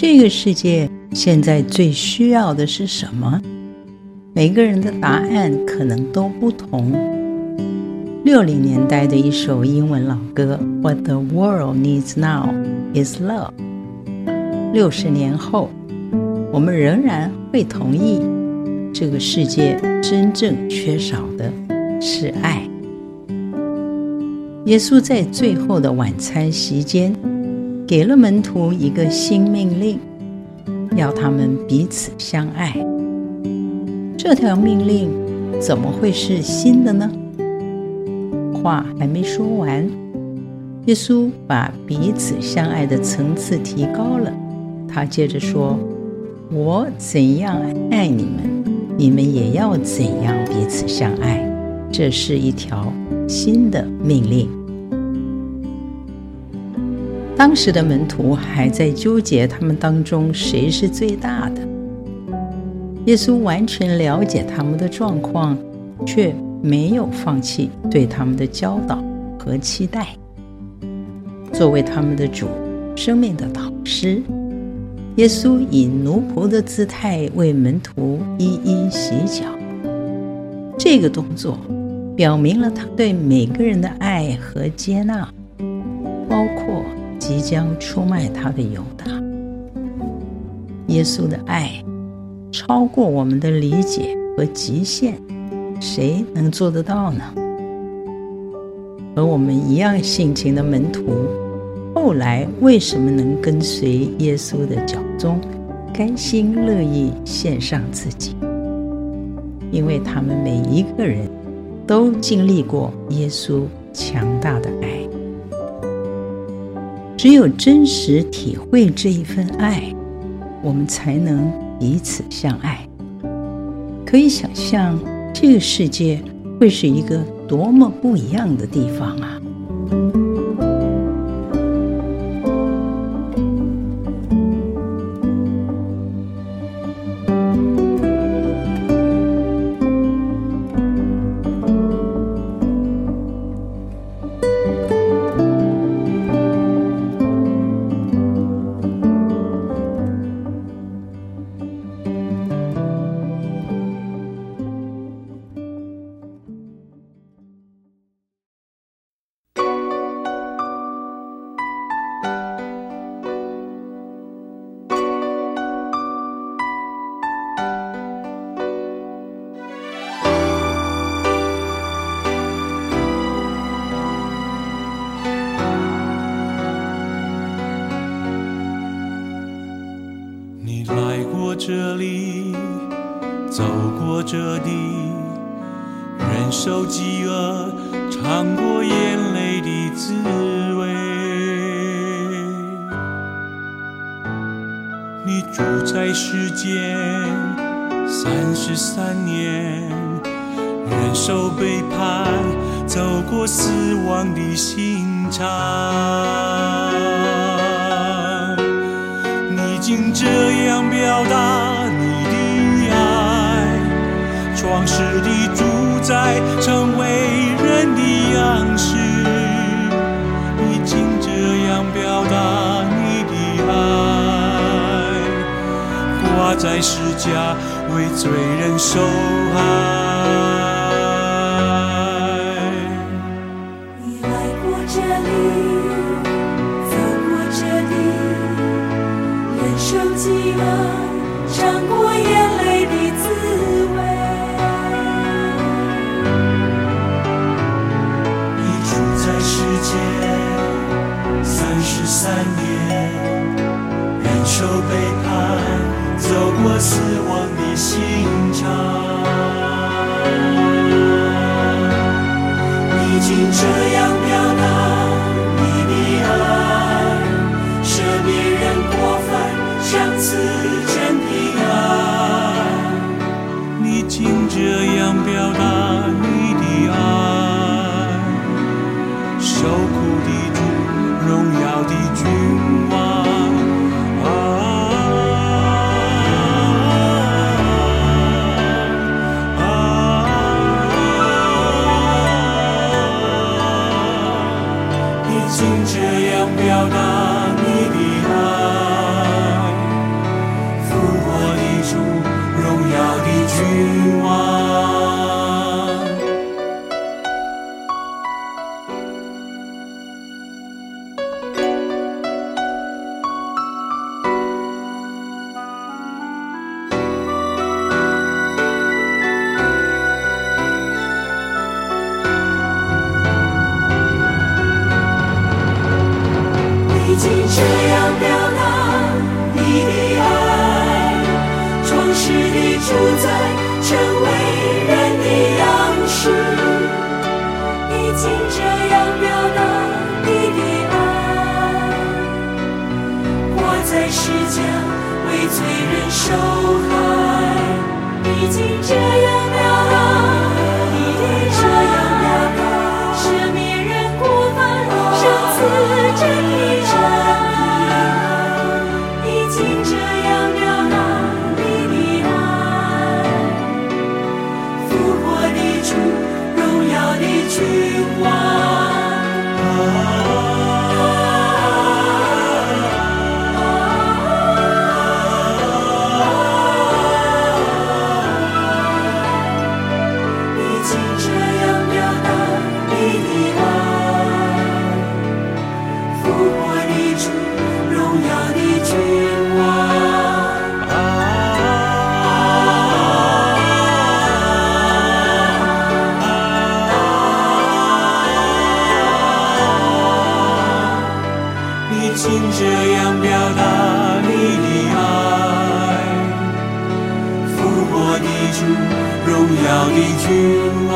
這個世界現在最需要的是什麼？每個人的答案可能都不同。六零年代的一首英文老歌：“What the world needs now is love。”六十年後，我們仍然會同意，這個世界真正缺少的是愛。耶穌在最後的晚餐席間，給了門徒一個新命令，要他們彼此相愛。這條命令怎麼會是新的呢？話還沒說完，耶穌把彼此相愛的層次提高了。他接着說：“我怎樣愛你們，你們也要怎樣彼此相愛。”這是一條新的命令。當時的門徒還在糾結，他們當中誰是最大的。耶穌完全了解他們的狀況，卻沒有放棄對他們的教導和期待。作為他們的主、生命的導師，耶穌以奴僕的姿態為門徒一一洗腳。這個動作表明了他對每個人的愛和接納，包括即將出賣他的猶大，耶穌的愛超過我們的理解和極限，誰能做得到呢？和我們一樣性情的門徒，後來為什麼能跟隨耶穌的腳蹤，甘心樂意獻上自己？因為他們每一個人都經歷過耶穌強大的愛。只有真實體會這一份愛，我們才能彼此相愛。可以想象，這個世界會是一個多麼不一樣的地方啊！這裡走過這裡忍受饑餓，嘗過眼淚的滋味。你住在世間三十三年，忍受背叛，走過死亡的刑場。你竟這樣表達你的愛，創世的主宰，成為人的樣式。你竟這樣表達你的愛，掛在十字架為罪人受害。受飢餓，嘗過眼淚的滋味。你住在世間三十三年，忍受背叛，走過四。是真的愛，你竟這樣表達你的愛，世間為罪人受害，已經這樣了。主，榮耀的君王啊啊，啊啊！啊啊你竟這樣表達你的愛，復活的主，榮耀的君王。